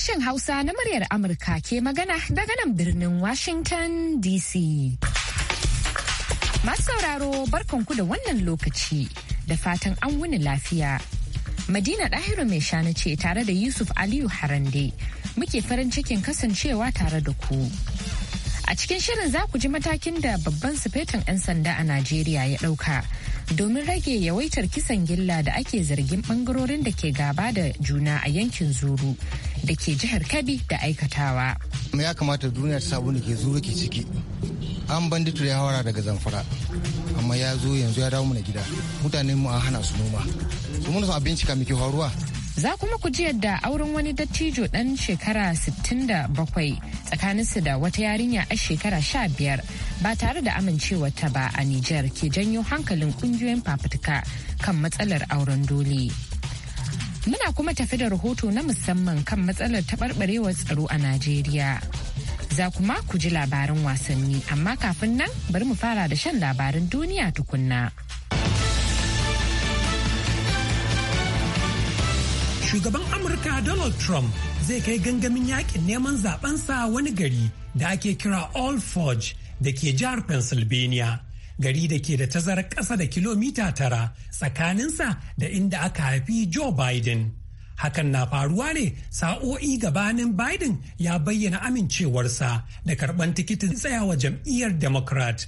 Sashen Hausa na muryar Amurka ke magana daga nan birnin Washington DC. Masu sauraro barkanku da wannan lokaci da fatan an wuni lafiya. Madina ɗahiru mai shana ce tare da Yusuf Aliyu Harande muke farin cikin kasancewa tare da ku. A cikin shirin za ku ji matakin da babban sufetin 'yan sanda a Najeriya ya ɗauka domin rage yawaitar kisan gilla da ake zargin ɓangarorin da ke gaba da juna a yankin Zuru da ke jihar Kabi da aikatawa. Ya kamata duniya ta sabu da ke zuwa ke ciki. An bandi ya hawara daga zamfara amma ya zo yanzu ya dawo mana gida. Mutanen mu an hana su noma. Su mun abinci ka muke haruwa. Za kuma ku ji yadda auren wani dattijo ɗan shekara 67 tsakaninsu da wata yarinya a shekara 15 ba tare da amincewarta ba a Nijar ke janyo hankalin ƙungiyoyin fafutuka kan matsalar auren dole. Muna kuma tafi da rahoto na musamman kan matsalar taɓarɓarewar tsaro a Najeriya. Za kuma ku ji labarin wasanni, amma kafin nan bari mu fara da shan labarin duniya tukunna. Shugaban Amurka Donald Trump zai kai gangamin yakin neman sa wani gari da ake kira 'All Forge da ke jihar Pennsylvania. gari da ke da tazarar ƙasa da kilomita tara tsakaninsa da inda aka haifi Joe Biden. Hakan na faruwa ne sa'o'i gabanin Biden ya bayyana amincewarsa da karɓan tikitin tsayawa jam'iyyar Democrat.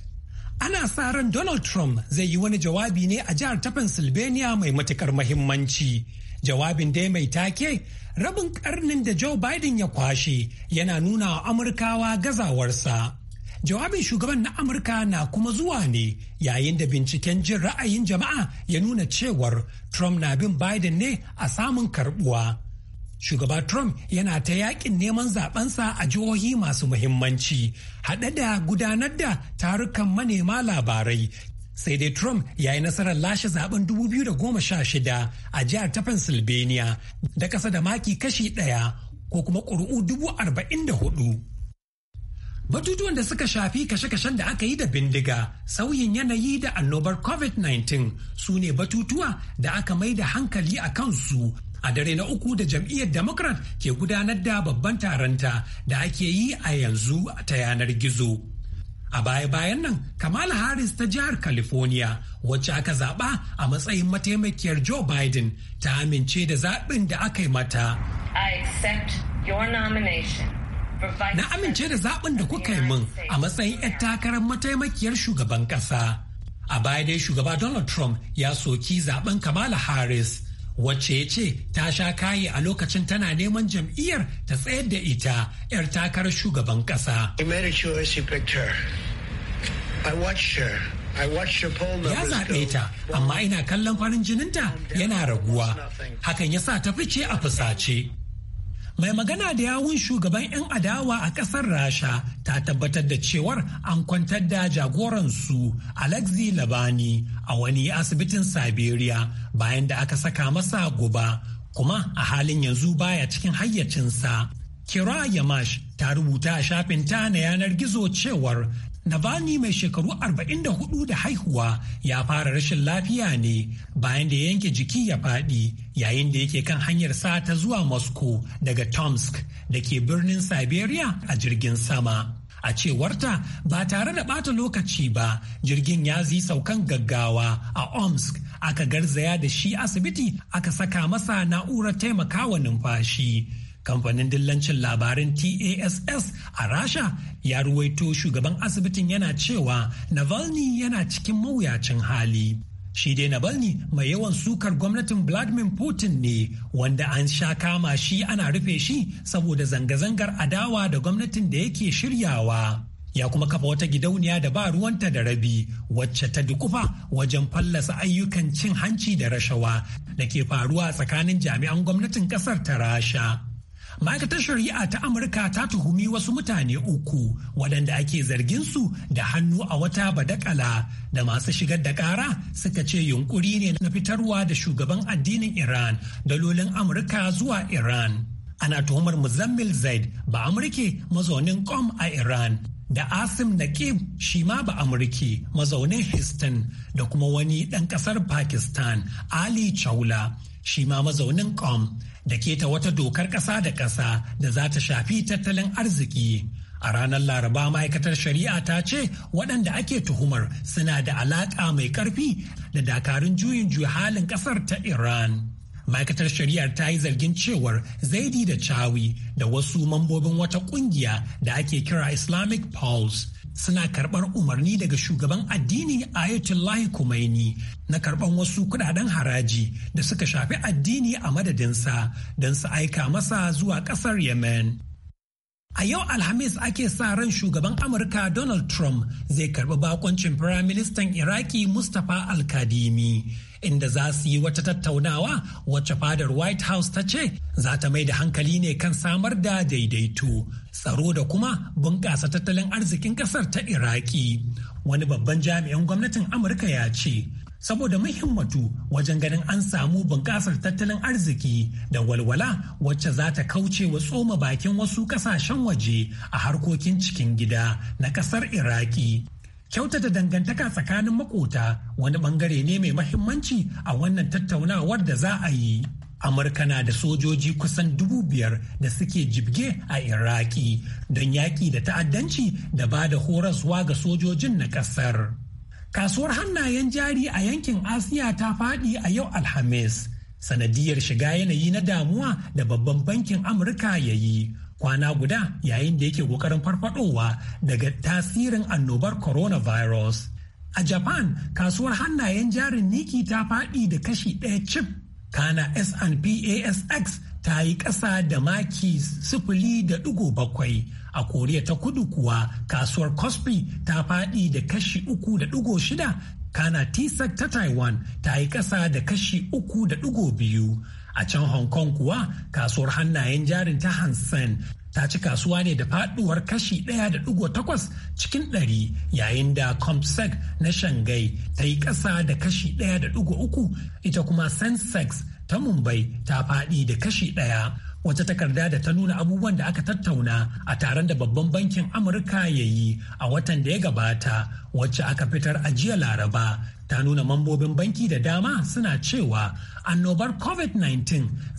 Ana sa ran Donald Trump zai yi wani jawabi ne a jihar ta Pennsylvania mai matukar mahimmanci. Jawabin dai mai take rabin karnin da Joe Biden ya kwashe yana nuna wa Amurkawa gazawarsa. Jawabin shugaban na Amurka na kuma zuwa ne yayin da binciken jin ra'ayin jama'a ya nuna cewar Trump na bin Biden ne a samun karbuwa. Shugaba Trump yana ta yakin neman zabensa a jihohi masu muhimmanci, haɗe da gudanar da tarukan manema labarai sai dai Trump ya yi nasarar lashe zaben 2016 a jihar ta Pennsylvania da kasa da maki kashi ɗaya ko kuma ƙuri'u 44. Batutuwan da suka shafi kashe-kashen da aka yi da bindiga, sauyin yanayi da annobar COVID-19 su ne batutuwa da aka mai da hankali a kansu a dare na uku da jam'iyyar Democrat ke gudanar da babban taronta da ake yi a yanzu ta yanar gizo. A baya-bayan nan, Kamala Harris ta jihar California, wacce aka zaɓa a matsayin mataimakiyar Joe Biden, ta amince da zaɓin da aka yi mata. I accept your nomination. Na amince da zaɓin da kuka yi min a matsayin 'yar takarar mataimakiyar shugaban ƙasa. A baya dai shugaba Donald Trump ya soki zaɓen Kamala Harris. wacce ya ce ta sha kayi a lokacin tana neman jam'iyyar ta tsayar da ita 'yar takarar shugaban ƙasa. Ya zaɓe ta, amma ina kallon farin jininta yana raguwa. Hakan ya sa ta fice a fusace. mai magana da yawun shugaban 'yan adawa a ƙasar rasha ta tabbatar da cewar an kwantar da jagoransu alexi labani a wani asibitin siberia bayan da aka saka masa guba kuma a halin yanzu baya cikin hayyacinsa kira yamash ta rubuta a shafinta na yanar gizo cewar Navalny mai shekaru 44 da haihuwa ya fara rashin lafiya ne bayan da yanke jiki ya faɗi yayin da yake kan hanyar sata zuwa Moscow daga Tomsk da ke birnin Siberia a jirgin sama. A cewarta ba tare da ɓata lokaci ba jirgin ya zi saukan gaggawa a Omsk aka garzaya da shi asibiti aka saka masa na'urar taimakawa numfashi. kamfanin dillancin labarin tass a rasha ya ruwaito shugaban asibitin yana cewa navalny yana cikin mawuyacin hali shi dai navalny mai yawan sukar gwamnatin vladimir putin ne wanda an sha kama shi ana rufe shi saboda zanga-zangar adawa da gwamnatin da yake shiryawa ya kuma kafa wata gidauniya da ba ruwanta da rabi wacce ta dukufa wajen fallasa ayyukan cin hanci da rashawa da ke faruwa tsakanin jami'an gwamnatin kasar ta rasha ma'aikatar shari'a ta amurka ta tuhumi wasu mutane uku waɗanda ake zargin su da hannu a wata badakala da masu shigar da ƙara suka ce yunkuri ne na fitarwa da shugaban addinin iran dalolin amurka zuwa iran ana tuhumar muzammil zaid ba amurke mazaunin qom a iran da asim naqib shi ma ba amurke mazaunin Histan da kuma wani ɗan ƙasar pakistan ali chaula shi ma mazaunin Qom da ke ta wata dokar ƙasa da ƙasa da za ta shafi tattalin arziki. A ranar Laraba ma'aikatar shari'a ta ce waɗanda ake tuhumar suna da alaƙa mai ƙarfi da dakarun juyin juya halin ƙasar ta Iran. Ma'aikatar shari'ar ta yi zargin cewar zaidi da Chawi da wasu mambobin wata ƙungiya da ake kira Islamic Pulse suna karɓar umarni daga shugaban addini a lahi kumaini na karɓar wasu kudaden haraji da suka shafi addini a madadinsa don su aika masa zuwa ƙasar yemen a yau alhamis ake sa ran shugaban amurka donald trump zai karɓi bakoncin firaministan iraki mustapha alkadimi inda za su yi wata tattaunawa wacce fadar white house ta ce za ta mai da hankali ne kan samar da daidaito tsaro da kuma bunƙasa tattalin arzikin ƙasar ta iraki wani babban jami'in gwamnatin amurka ya ce saboda muhimmatu wajen ganin an samu bunƙasar tattalin arziki da walwala wacce za ta kauce wa tsoma bakin wasu ƙasashen waje a harkokin cikin gida na ƙasar iraki kyautata dangantaka tsakanin makota wani bangare ne mai mahimmanci a wannan tattaunawar da za a yi amurka na da sojoji kusan dubu biyar da suke jibge a iraki don yaƙi da ta'addanci da ba da horaswa ga sojojin na ƙasar kasuwar hannayen jari a yankin asiya ta faɗi a yau alhamis sanadiyar shiga yanayi na damuwa da babban bankin amurka ya yi kwana guda yayin da yake ƙoƙarin farfadowa daga tasirin annobar coronavirus a japan kasuwar hannayen jarin niki ta faɗi da kashi ɗaya cif kana snpasx ta yi ƙasa da maki sifili da ɗigo bakwai a koriya ta kudu kuwa kasuwar cosby ta faɗi da kashi uku da ɗigo shida kana tsec ta taiwan ta yi ƙasa da kashi uku da ɗigo biyu A can Hong Kong kuwa kasuwar hannayen jarin ta Hansen ta ci kasuwa ne da faduwar kashi da takwas cikin 100 yayin da Compsec na Shanghai ta yi ƙasa da kashi da uku ita kuma Sensex ta Mumbai ta faɗi da kashi ɗaya. wata takarda da ta nuna abubuwan da aka tattauna a taron da babban bankin amurka ya yi a watan da ya gabata wacce aka fitar a jiya laraba ta nuna mambobin banki da dama suna cewa annobar covid-19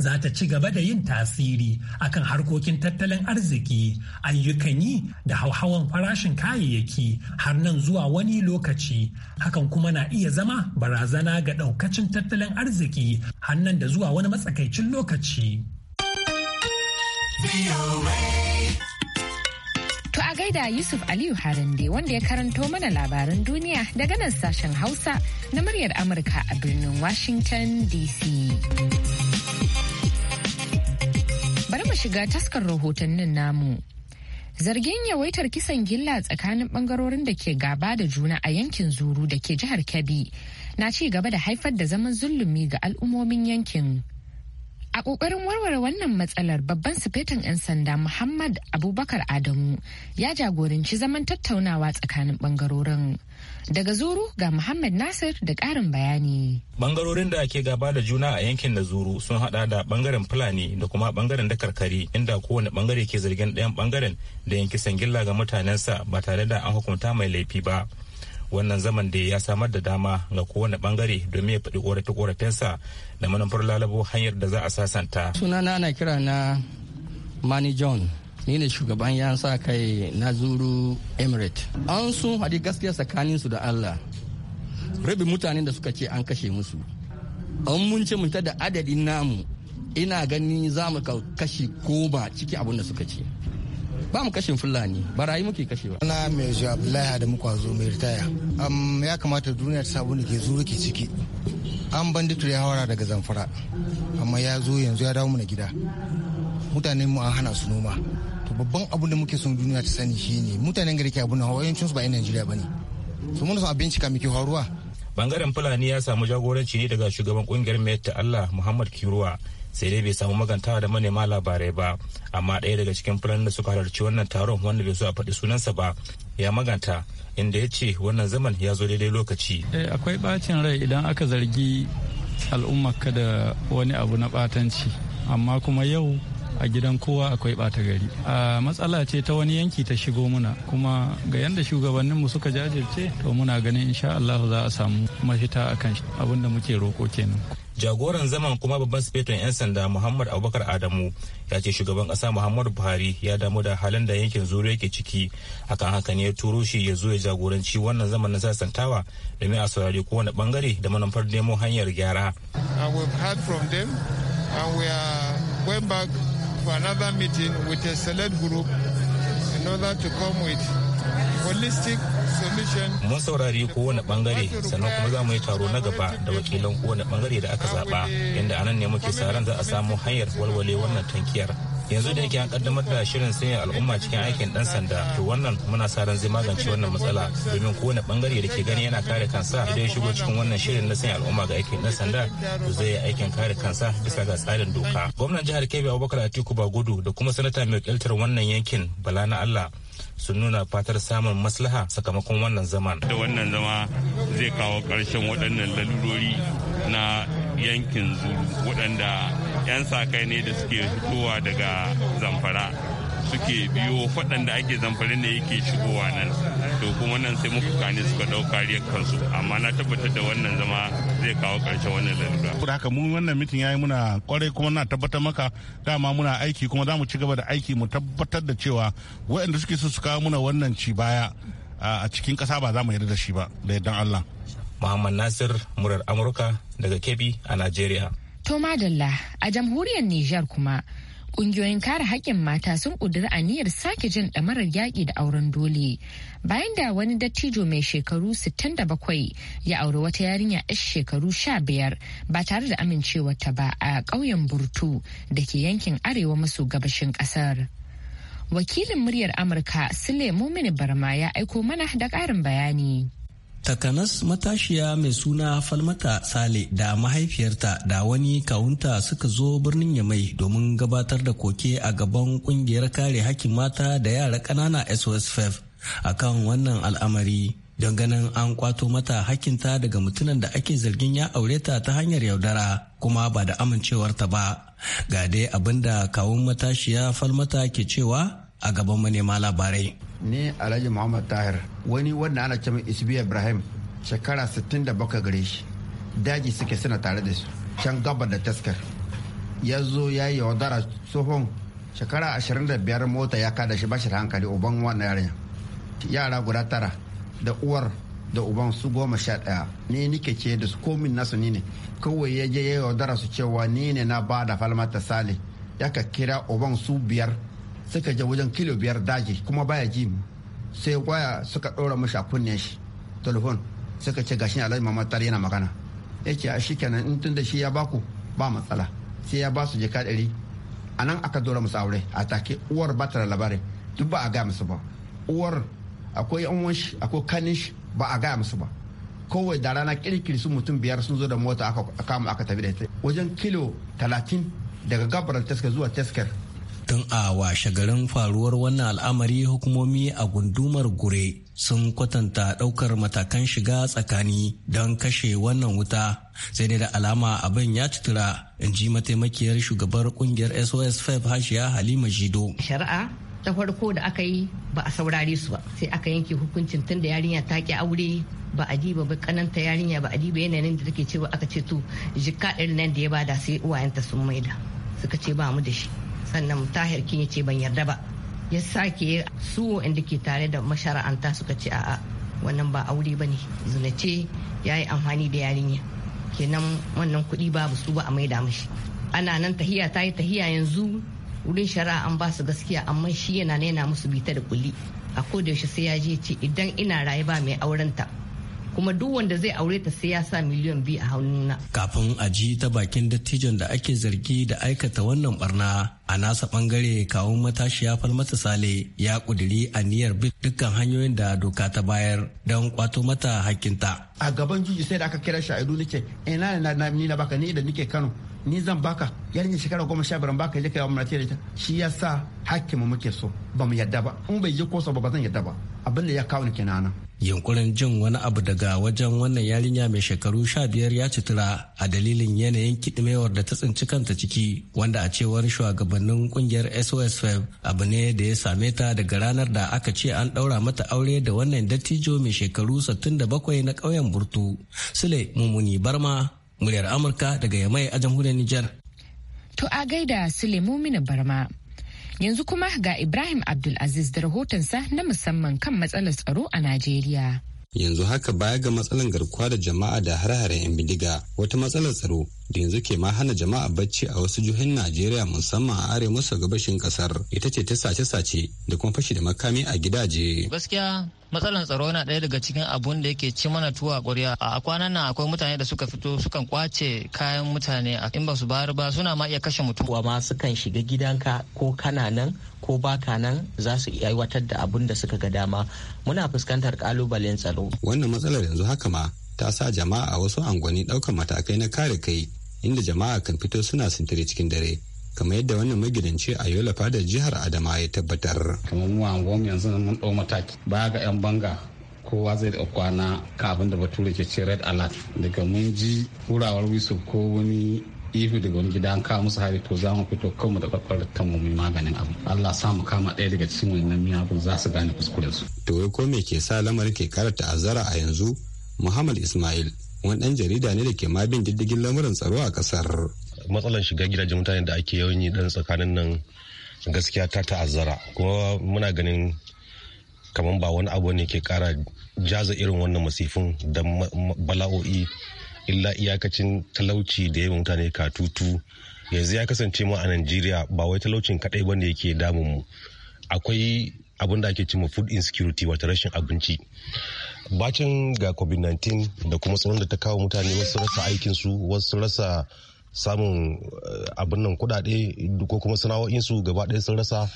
za ta ci gaba da yin tasiri akan harkokin tattalin arziki ayyukan yi da hauhawan farashin kayayyaki har nan zuwa wani lokaci hakan kuma na iya zama barazana ga daukacin tattalin arziki har nan da zuwa wani matsakaicin lokaci To a gaida Yusuf Aliyu Harande wanda ya karanto mana labaran duniya daga nan sashen Hausa na muryar Amurka a birnin Washington DC. Bari mu shiga taskar rahotannin namu. Zargin yawaitar kisan gilla tsakanin bangarorin da ke gaba da juna a yankin Zuru da ke jihar Kebbi na ci gaba da haifar da zaman zulumi ga al'ummomin yankin. A ƙoƙarin warware wannan matsalar babban sufetin 'yan sanda Muhammad Abubakar Adamu ya jagoranci zaman tattaunawa tsakanin ɓangarorin. Daga Zuru ga Muhammad Nasir da ƙarin bayani. Bangarorin da ke gaba da juna a yankin da Zuru sun hada da bangaren Fulani da kuma bangaren da karkari inda kowane bangare ke zargin ɗayan bangaren da yanki sangilla ga mutanensa ba tare da an hukunta mai laifi ba. wannan zaman da ya samar da dama ga kowane bangare domin ya faɗi korafin sa da manufar lalabo hanyar da za a sasanta sunana na kira na mani john ni ne shugaban yan sa kai na zuru emirate an sun haɗi gaskiya tsakanin su da allah rabi mutanen da suka ce an kashe musu an mun ce da adadin namu ina ganin za mu kashi ba ciki abin da suka ce ba mu kashin fulani barayi muke kashewa ana mai ji abdullahi da muka zo mai ritaya ya kamata duniya ta sabu da ke zuru ke ciki an banditur ya hawara daga zamfara amma ya zo yanzu ya dawo mu na gida mutanen mu an hana su noma to babban abu da muke son duniya ta sani shine mutanen gari ke a na hawayancin su ba yan Najeriya bane su mun san abinci ka muke haruwa bangaren Fulani ya samu jagoranci ne daga shugaban kungiyar Mayar ta Allah Muhammad Kiruwa sai dai bai samu magantawa da manema labarai ba amma ɗaya daga cikin fulani da suka halarci wannan taron wanda bai so a faɗi sunansa ba ya maganta inda ya ce wannan zaman ya zo daidai lokaci. Eh, akwai bacin rai idan aka zargi al'ummarka da wani abu na batanci amma kuma yau a gidan kowa akwai bata gari a matsala ce ta wani yanki ta shigo muna kuma ga yadda shugabanninmu suka jajirce to muna ganin insha Allah za a samu mafita akan abin da muke roko kenan jagoran zaman kuma babban sifeton 'yan sanda muhammad abubakar adamu ya ce shugaban kasa muhammadu buhari ya damu da halin da yankin zuru yake ciki hakan haka ne ya turo shi ya zo ya jagoranci wannan zaman na sasantawa domin a saurari kowane bangare da manufar nemo hanyar gyara another meeting with a select group in order to come with Mun saurari kowane bangare sannan kuma za mu yi taro na gaba da wakilan kowane bangare da aka zaba inda anan ne muke saran za a samu hanyar walwale wannan tankiyar. yanzu da yake an kaddamar da shirin sanya al'umma cikin aikin dan sanda to wannan muna sa ran zai magance wannan matsala domin kowane bangare da ke gani yana kare kansa idan ya shigo cikin wannan shirin na sanya al'umma ga aikin dan sanda to zai yi aikin kare kansa bisa ga tsarin doka gwamnan jihar kebbi abubakar atiku bagudu da kuma sanata mai kiltar wannan yankin bala na allah sun nuna fatar samun maslaha sakamakon wannan zaman. Da wannan zama zai kawo ƙarshen waɗannan lalurori na yankin zulu waɗanda 'yan sakai ne da suke fitowa daga zamfara suke biyo faɗan da ake zamfarin da yake shigowa nan to kuma nan sai muku suka ɗau kariyar kansu amma na tabbatar da wannan zama zai kawo ƙarshen wannan lalura. ko haka mun wannan mitin yayi muna kwarai kuma na tabbatar maka dama muna aiki kuma za mu ci gaba da aiki mu tabbatar da cewa waɗanda suke su kawo muna wannan ci baya a cikin ƙasa ba za mu yarda da shi ba da yardan Allah. Muhammad Nasir murar Amurka daga Kebbi a Najeriya. To Madalla a jamhuriyar Nijar kuma Ƙungiyoyin kare haƙƙin mata sun ƙudiri aniyar sake jin ɗamarar yaƙi da auren dole. Bayan da wani dattijo mai shekaru 67 ya auri wata yarinya 'yar shekaru 15 ba tare da amincewarta ba a ƙauyen Burtu da ke yankin arewa maso gabashin ƙasar. Wakilin muryar Amurka Sule Mumini Barma ya aiko mana da ƙarin bayani. Takanas matashiya mai suna Falmata Sale da mahaifiyarta da wani kawunta suka zo birnin Yamai domin gabatar da koke a gaban kungiyar kare hakkin mata da yara ƙanana SOS5 kan wannan al'amari. don ganin an kwato mata hakinta daga mutumin da ake zargin ya aure ta ta hanyar yaudara kuma ba da amincewarta ba ga dai abinda kawun matashiya falmata ke cewa a gaban manema labarai. Ni Alhaji Muhammad Tahir wani wanda ana cewa Isbi Ibrahim shekara 67 gare shi daji suke suna tare da su can gabar da taskar ya zo ya yi yaudara tsohon shekara 25 mota ya kada shi bashi hankali uban wannan yarinya yara guda tara da uwar da uban su goma sha daya. ni nike ce da su komin nasu ni ne kawai ya je ya yaudara su cewa ni ne na ba da falmata sale ya ka kira uban su biyar suka je wajen kilo biyar daji kuma baya ji mu sai waya suka ɗora mashi a kunnen shi telefon suka ce gashi alhaji mamman yana magana ya ce a shi kenan in tun da shi ya baku ba matsala sai ya ba su jika ɗari a nan aka dora musu aure a take uwar ba ta da duk ba a gaya musu ba uwar akwai yan shi akwai kanin shi ba a gaya musu ba kowai da rana kirkiri su mutum biyar sun zo da mota aka kama aka tafi da ita wajen kilo talatin daga gabar taskar zuwa taskar tun a washe garin faruwar wannan al'amari hukumomi a gundumar gure sun kwatanta daukar matakan shiga tsakani don kashe wannan wuta sai dai da alama abin ya tutura in ji mataimakiyar shugabar kungiyar sos 5 e hashiya halima jido shari'a ta farko da aka yi ba a saurare su ba sai aka yanke hukuncin tun da yarinya ta ki aure ba a diba ba kananta yarinya ba a diba yanayin da take cewa aka ce to jikka ɗin nan da ya bada sai uwayenta sun maida suka ce ba mu da shi sannan tahir kin ce ban yarda ba ya sake su inda ke tare da mashara'anta suka ce a'a wannan ba aure ba ne zinace ya yi amfani da yarinya kenan wannan kuɗi babu su ba a da mashi ana nan tahiya ta yi tahiya yanzu wurin shari'a an ba su gaskiya amma shi yana yana musu bita da kulli a yaushe sai ya je ce idan ina raye ba mai aurenta kuma duk wanda zai aure ta sai ya sa miliyan biyu a hannuna. Kafin a ji ta bakin dattijon da ake zargi da aikata wannan barna a nasa bangare kawun matashiya falmata sale ya kuduri aniyar bi dukkan hanyoyin da doka ta bayar don kwato mata hakinta. A gaban juji sai da aka kira shaidu nake ina eh, na ni na baka ni da nike Kano ni zan baka ne shekara goma sha biyar baka je kai wa da ita shi ya sa hakkin mu muke so ba mu yadda ba in bai je kosa ba ba zan yadda ba abin da ya kawo ni nana yunkurin jin wani abu daga wajen wannan yarinya mai shekaru sha biyar ya citira a dalilin yanayin kiɗimewar da ta tsinci kanta ciki wanda a cewar shugabannin kungiyar sos web abu ne da ya same ta daga ranar da aka ce an ɗaura mata aure da wannan dattijo mai shekaru 67 na ƙauyen burtu sule mummuni barma muryar amurka daga yamai a jamhuriyar nijar to a gaida sulemu barma yanzu kuma ga ibrahim abdulaziz da rahotonsa na musamman kan matsalar tsaro a najeriya yanzu haka baya ga matsalar garkuwa da jama'a da har-haren 'yan bindiga wata matsalar tsaro da yanzu ke ma hana jama'a bacci a wasu jihohin najeriya musamman a arewa maso gabashin kasar ita ce ta sace-sace da kuma fashi da makami a gidaje gaskiya matsalan tsaro yana ɗaya daga cikin abun da yake ci mana tuwa ƙwarya a kwanan nan akwai mutane da suka fito sukan kwace kayan mutane in ba su bayar ba suna ma iya kashe mutum wa ma sukan shiga gidanka ko kana nan ko baka nan za su iya aiwatar da abun da suka ga dama muna fuskantar kalubalen tsaro wannan matsalar yanzu haka ma ta sa jama'a a wasu angwani ɗaukar matakai na kare kai inda jama'a kan fito suna sintiri cikin dare kamar yadda wannan magidanci a yola fada jihar adama ya tabbatar kamar mu anguwan yanzu mun ɗau mataki baya ga yan banga kowa zai da kwana ka abin da bature ke ce red alert daga mun ji hurawar wisu ko wani ifi daga wani gida an kawo musu hari to za mu fito kanmu da ta mu maganin abu Allah sa mu kama ɗaya daga cikin wannan miyagun za su gane kuskuren su to ko me ke sa lamarin ke kara ta'azzara a yanzu Muhammad Ismail wani ɗan jarida ne da ke ma bin diddigin lamuran tsaro a ƙasar matsalan shiga gidajen mutane da ake yawan yi dan tsakanin nan gaskiya ta ta'azzara kuma muna ganin kamar ba wani abu ne ke kara jaza irin wannan masifin da bala'o'i illa iyakacin talauci da yawan mutane ka tutu yanzu ya kasance mu a najeriya ba wai talaucin kadai bane yake damun mu akwai abin da ake cewa food insecurity wata rashin abinci bacin ga covid-19 da kuma tsoron da ta kawo mutane wasu rasa aikinsu wasu rasa samun eh, abin nan kudade ko kuma sana'o'insu gaba ɗaya sun rasa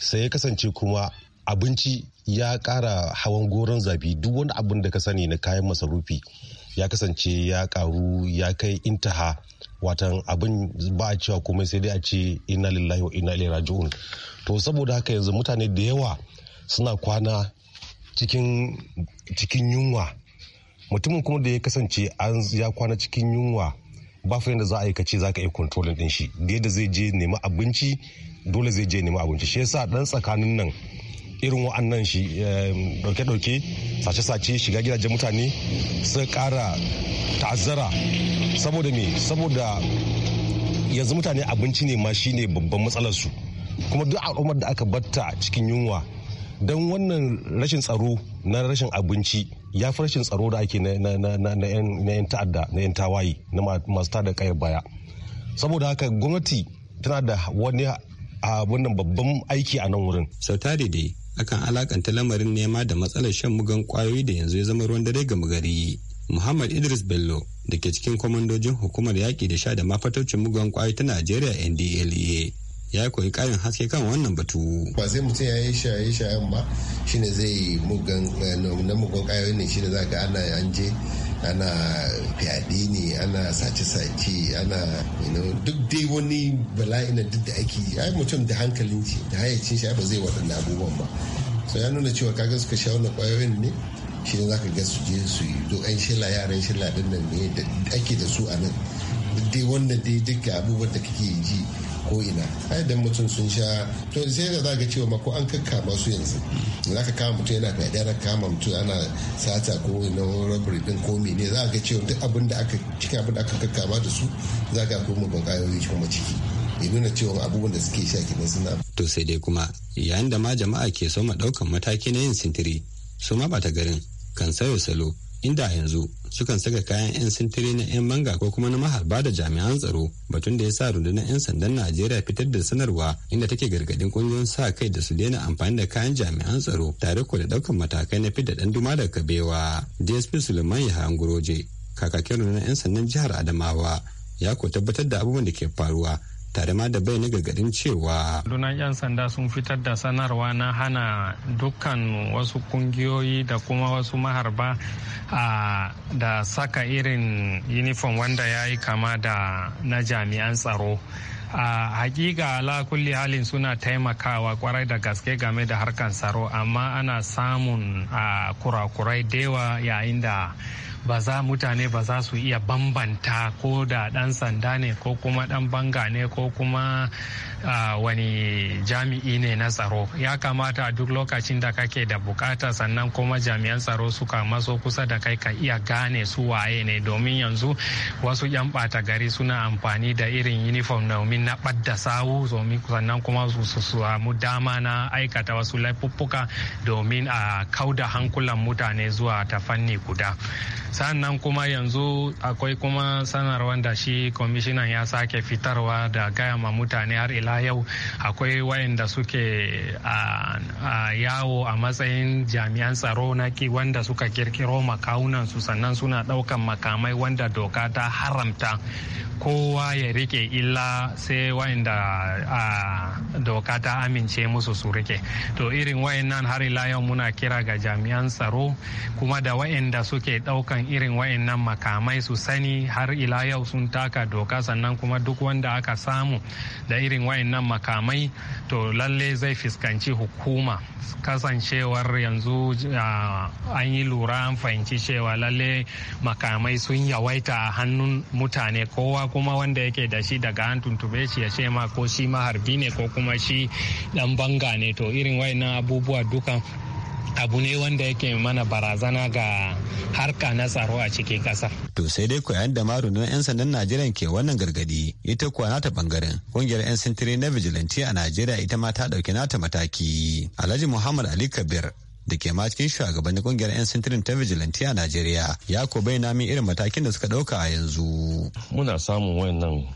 sai ya kasance kuma abinci ya ƙara hawan goron zabi duk wani abin da ka sani na kayan masarufi ya kasance ya ƙaru ya kai intaha watan abin ba a cewa komai sai dai a ce inna lillahi wa inna ilaihi raji'un to saboda haka yanzu mutane da yawa suna kwana cikin yunwa mutumin kuma da ya kasance an ya kwana cikin yunwa ba fa yadda za a yi kace za ka iya controlling din shi da yadda zai je nema abinci dole zai je nema abinci shi yasa dan tsakanin nan irin wa'annan shi dauke-dauke eh, sace-sace shiga gidajen mutane sun kara ta'azzara saboda me saboda yanzu mutane abinci ne ma shine babban matsalar su kuma duk al'ummar da aka batta cikin yunwa don wannan rashin tsaro na rashin abinci ya fi rashin tsaro da ake na 'yan ta'adda na 'yan tawaye na masu tada kayar baya saboda haka gwamnati tana da wani abin babban aiki a nan wurin sau ta daidai akan alakanta lamarin nema da matsalar shan mugan kwayoyi da yanzu ya zama ruwan dare ga magari muhammad idris bello da ke cikin kwamandojin hukumar yaƙi da sha da mafatocin mugan kwayoyi ta najeriya ndlea ya koyi ƙarin haske kan wannan batu. Ba sai mutum ya yi shaye shayen ba ne zai mugan eh, na mugan ƙayoyi ne ne za ga ana an je ana fyaɗe ne ana sace-sace ana duk dai wani bala'i na duk da ake yi mutum da hankalin shi da hayyacin shi ba zai waɗanda abubuwan ba so ya nuna cewa kaga suka sha wani ƙwayoyin ne shi ne za ga su je su yi zo an shila yaran shila ɗin nan ne da ake da su a nan duk dai wannan dai duka abubuwan da kake ji ko ina ai dan mutum sun sha to sai da zaka cewa ma ko an kakkama su yanzu ka kama mutum yana da yaran kama mutum ana sata ko na robbery din ko mene za ka cewa duk abin da aka cikin abin da aka kakkama da su za ka koma ban kayoyi kuma ciki ya nuna cewa abubuwan da suke sha kenan suna to sai dai kuma yayin da ma jama'a ke so ma daukan mataki na yin sintiri su ma bata garin kan sayo salo inda yanzu sukan saka kayan 'yan sintiri na 'yan manga ko kuma na maharba da jami'an tsaro batun da ya sa rundunar 'yan sandan najeriya fitar da sanarwa inda take gargadin kungiyoyin sa kai da su daina amfani da kayan jami'an tsaro tare ko da daukan matakai na fidda dan duma da kabewa dsp suleiman ya hangoroje kakakin rundunar 'yan sandan jihar adamawa ya ko tabbatar da abubuwan da ke faruwa tare ma da bayyana gargadin cewa dunan yan sanda sun fitar da sanarwa na hana dukkan wasu kungiyoyi da kuma wasu maharba da saka irin uniform wanda ya yi kama da na jami'an tsaro a hakika ala kulli halin suna taimakawa kwarai da gaske game da harkan tsaro amma ana samun kurakurai da yayin da ba za mutane ba za su iya bambanta ko da dan sanda ne ko kuma dan banga ne ko kuma wani jami'i ne na tsaro ya kamata a duk lokacin da kake da bukata sannan kuma jami'an tsaro suka maso kusa da kai ka iya gane su waye ne domin yanzu wasu 'yan bata gari suna amfani da irin uniform domin na ɓadda sawu sannan kuma su samu dama na aikata wasu laifuffuka domin a kauda hankulan mutane zuwa ta fanni guda sannan kuma yanzu akwai kuma sanarwar da shi kwamishinan ya sake fitarwa da gaya ma mutane har ila yau akwai wayanda suke a yawo a matsayin jami'an tsaro na ki wanda suka kirkiro makaunan su sannan suna daukan makamai wanda doka ta haramta kowa ya rike illa sai wayanda doka ta amince musu su rike to irin wayannan har ila yau muna kira ga jami'an tsaro kuma da wayanda suke daukan san irin wayannan makamai su sani har ila yau sun taka doka sannan kuma duk wanda aka samu da irin wayannan makamai to lalle zai fuskanci hukuma kasancewar yanzu an yi lura an fahimci cewa lalle makamai sun yawaita a hannun mutane kowa kuma wanda yake da shi daga an tuntube shi ya ce ma ko shi maharbi ne ko kuma shi dan banga ne to irin wayannan abubuwa duka. abu ne wanda yake mana barazana ga harka na tsaro a cikin kasar. To sai dai koyan da marunan 'yan sandan Najeriya ke wannan gargadi ita kuwa nata bangaren Ƙungiyar 'yan sintiri na vigilante a Najeriya ita ma ta dauki nata mataki. Alhaji Muhammad Ali Kabir da ke ma cikin shugabanni kungiyar 'yan sintirin ta vigilante a Najeriya ya ko bayyana min irin matakin da suka ɗauka a yanzu. Muna samun wayannan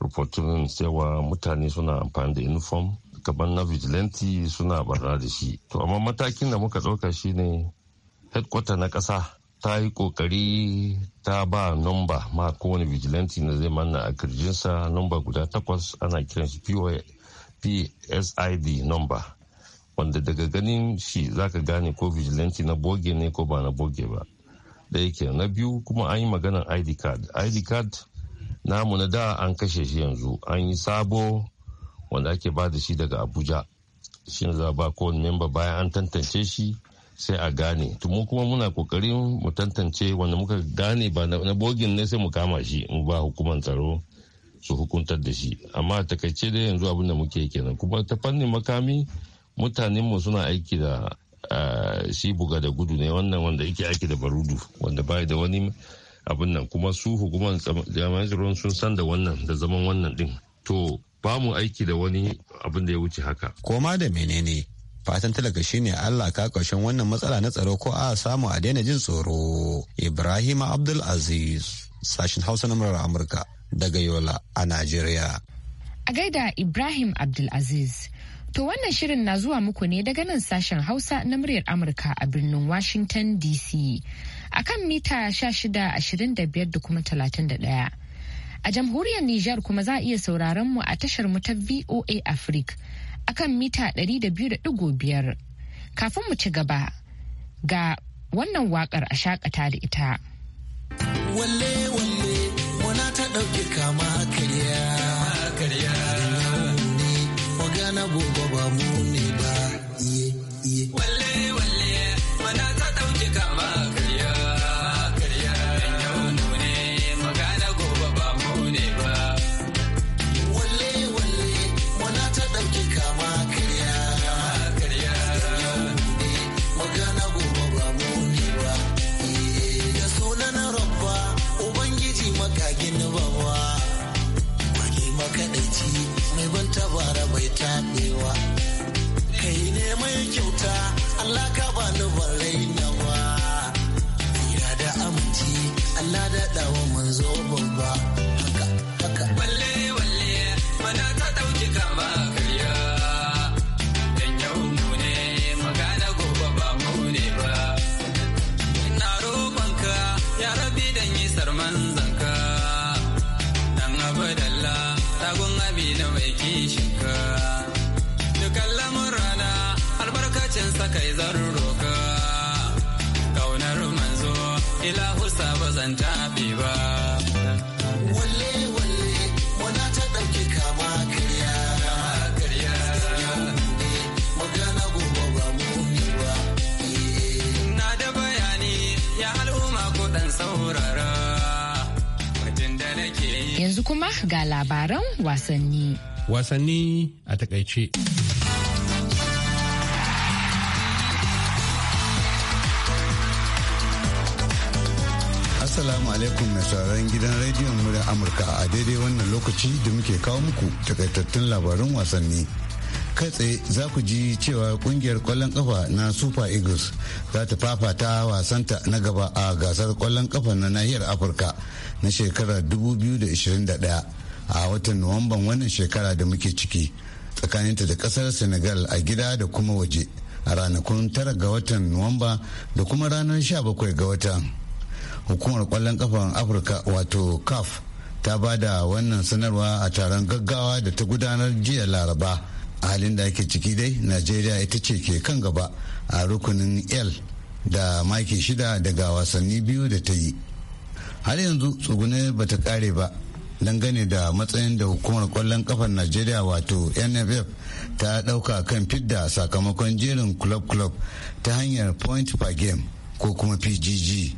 rufotunan cewa mutane suna amfani da uniform kamar na vigilanti suna barra da shi to amma matakin da muka ɗauka shine headquarter na ƙasa ta yi kokari ta ba nomba ma kowane vigilanti na zai manna a kirjinsa nomba guda takwas ana kiran shi psid nomba wanda daga ganin shi zaka gane ko vigilanti na boge ne ko ba na boge ba da yake na biyu kuma an yi maganar id card id card namu na da an kashe shi yanzu an yi sabo wanda ake ba da shi daga abuja shi za ba kowane memba bayan an tantance shi sai a gane mu kuma muna kokarin mu tantance wanda muka gane ba na bogin ne sai mu kama shi mu ba hukumar tsaro su hukuntar da shi amma a takaice dai yanzu abin da muke kenan kuma ta fannin makami mutanen mu suna aiki da shi buga da gudu ne wannan wanda yake aiki da barudu wanda bai da wani abin nan kuma su hukumar jami'an tsaron sun san da wannan da zaman wannan din to ba mu aiki da wani abin da ya wuce haka. Koma da menene fatan talaka ne Allah ka ƙarshen wannan matsala na tsaro ko a samu a daina jin tsoro. Ibrahim Abdul Aziz sashin Hausa na murar Amurka daga Yola a Najeriya. A gaida Ibrahim Abdul Aziz. To wannan shirin na zuwa muku ne daga nan sashen Hausa na muryar Amurka a birnin Washington DC. A kan mita 25 da kuma 31. A jamhuriyar Nijar kuma za a iya sauraron mu a tashar mu ta VOA Africa akan mita 200.5. Kafin mu ci gaba ga wannan wakar a shakata da ita. Walle walle wana ta ɗauke kama karya. Karya. Wagana gobe ba mu zabi na mai kishinka dukan lamun rana albarkacin sakai zan roka kaunar manzo ilahu sabo zan tafi yanzu kuma ga labaran wasanni. Wasanni a takaice. asalamu alaikum na sauraron gidan rediyon muryar Amurka a daidai wannan lokaci da muke kawo muku takaitattun labarin wasanni. kai tsaye za ku ji cewa kungiyar kwallon kafa na super eagles za ta fafata wasanta na gaba a gasar kwallon kafa na nahiyar afirka na shekarar 2021 a watan nuwamban wannan shekara da muke ciki tsakaninta da kasar senegal a gida da kuma waje a ranakun 9 ga watan nuwamba da kuma ranar 17 ga watan hukumar kwallon kafan afirka wato caf ta ba da wannan sanarwa a taron gaggawa da ta gudanar jiya laraba halin da ake ciki dai najeriya ita ce ke kan gaba a rukunin l da maki shida daga wasanni biyu da ta yi har yanzu tsugune ba ta kare ba dangane da matsayin da hukumar kwallon kafar najeriya wato nff ta dauka kan fidda sakamakon jerin club club ta hanyar point per game ko kuma pgg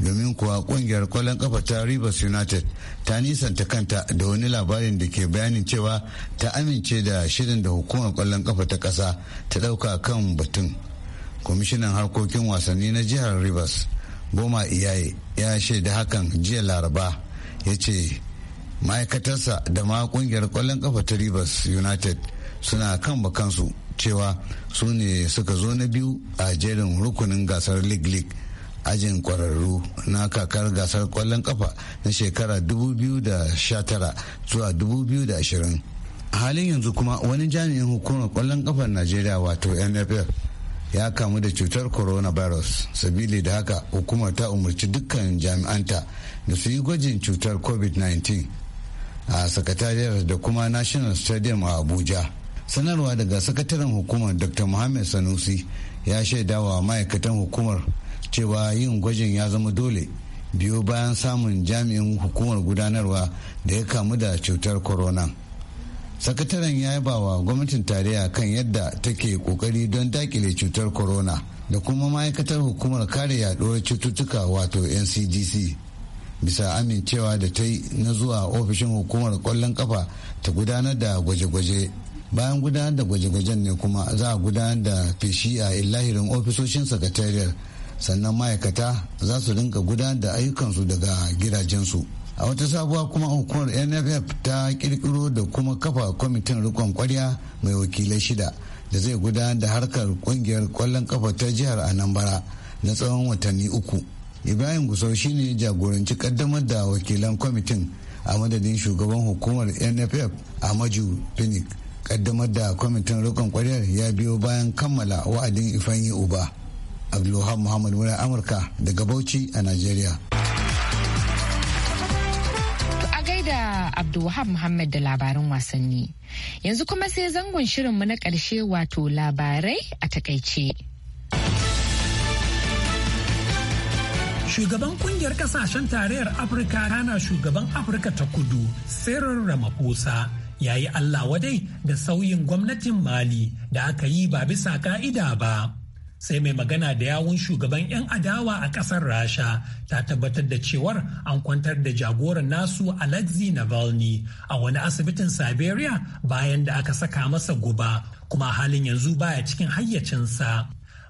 domin kuwa kungiyar kwallon kafa ta Rivers United ta nisanta kanta da wani labarin da ke bayanin cewa ta amince da shirin da hukumar kwallon kafa ta ƙasa ta ɗauka kan batun. Kwamishinan harkokin wasanni na jihar Rivers, Boma Iyaye, ya shaida hakan jiya Laraba, ya ce ma'aikatarsa da ma kungiyar kwallon kafa ta Rivers United suna kan bakansu cewa su ne suka zo na biyu a jerin rukunin gasar League League ajin kwararru na kakar gasar kwallon kafa na shekara 2019 zuwa 2020 a halin yanzu kuma wani jami'in hukumar kwallon kafar najeriya wato nff ya kamu da cutar coronavirus sabili da haka hukumar ta umarci dukkan jami'anta da su yi gwajin cutar covid-19 a sakatariyar da kuma national stadium a abuja sanarwa daga sakataren hukumar dr mohammed sanusi ya shaidawa ma'aikatan hukumar cewa yin gwajin ya zama dole biyo bayan samun jami'in hukumar gudanarwa da ya kamu da cutar corona sakataren ya yaba wa gwamnatin tarayya kan yadda take kokari don dakile cutar corona da kuma ma'aikatar hukumar kare yaduwar cututtuka wato ncdc bisa amincewa da ta yi na zuwa ofishin hukumar kwallon kafa ta gudanar da gwaje-gwaje bayan gudanar da gwaje-gwajen ne kuma za a gudanar da feshi a ilahirin ofisoshin sakatariyar sannan ma'aikata za su rinka gudanar da ayyukansu daga gidajensu a wata sabuwa kuma hukumar nff ta kirkiro da kuma kafa kwamitin rikon kwarya mai wakilai shida da zai gudanar da harkar kungiyar kwallon kafa ta jihar anambra na tsawon watanni uku ibrahim gusau shine jagoranci kaddamar da wakilan kwamitin a madadin shugaban hukumar nff amaju phoenix kaddamar da kwamitin rikon kwaryar ya biyo bayan kammala wa'adin ifanyi uba Abdulwahab muhammad muna amurka daga bauchi a najeriya a gaida abdulwahab muhammad da labarin wasanni yanzu kuma sai zangon shirinmu na ƙarshe wato labarai a takaice Shugaban kungiyar kasashen tarayyar Afirka rana shugaban Afirka ta kudu, Cyril Ramaphosa, ya yi Allah wadai da sauyin gwamnatin Mali da aka yi ba bisa ka'ida ba. sai mai magana da yawun shugaban 'yan adawa a kasar rasha ta tabbatar da cewar an kwantar da jagoran nasu alexei navalny a wani asibitin siberia bayan da aka saka masa guba kuma halin yanzu baya cikin hayyacinsa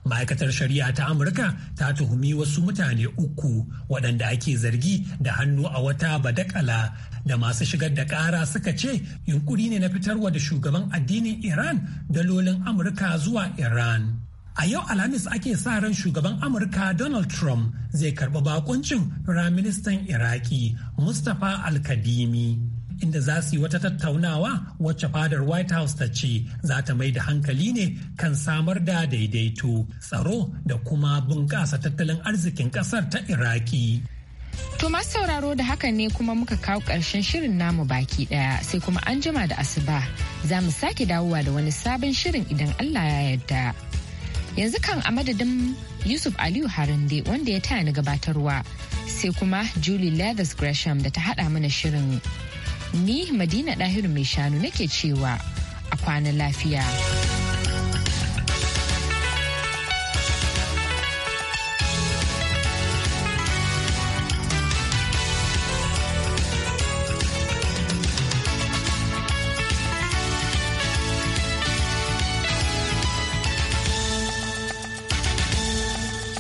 ma'aikatar shari'a ta amurka ta tuhumi wasu mutane uku waɗanda ake zargi da hannu a wata badakala da masu shigar da ƙara suka ce yunkuri ne na fitarwa da shugaban addinin iran dalolin amurka zuwa iran A yau Alhamis ake sa ran shugaban Amurka Donald Trump zai karɓi bakuncin Firaministan Iraki Mustapha Alkadimi. Inda za su yi wata tattaunawa wacce fadar White House ta ce za ta mai da hankali ne kan samar da daidaito, tsaro da kuma bunƙasa tattalin arzikin ƙasar ta Iraki. To sauraro da hakan ne kuma muka kawo ƙarshen shirin namu baki ɗaya sai kuma an jima da asuba za mu sake dawowa da wani sabon shirin idan Allah ya yarda. yanzu kan a madadin yusuf aliyu harande wanda ya taya ni gabatarwa sai kuma julie leathers gresham da ta hada mana shirin ni madina dahiru mai shanu nake cewa a kwanan lafiya.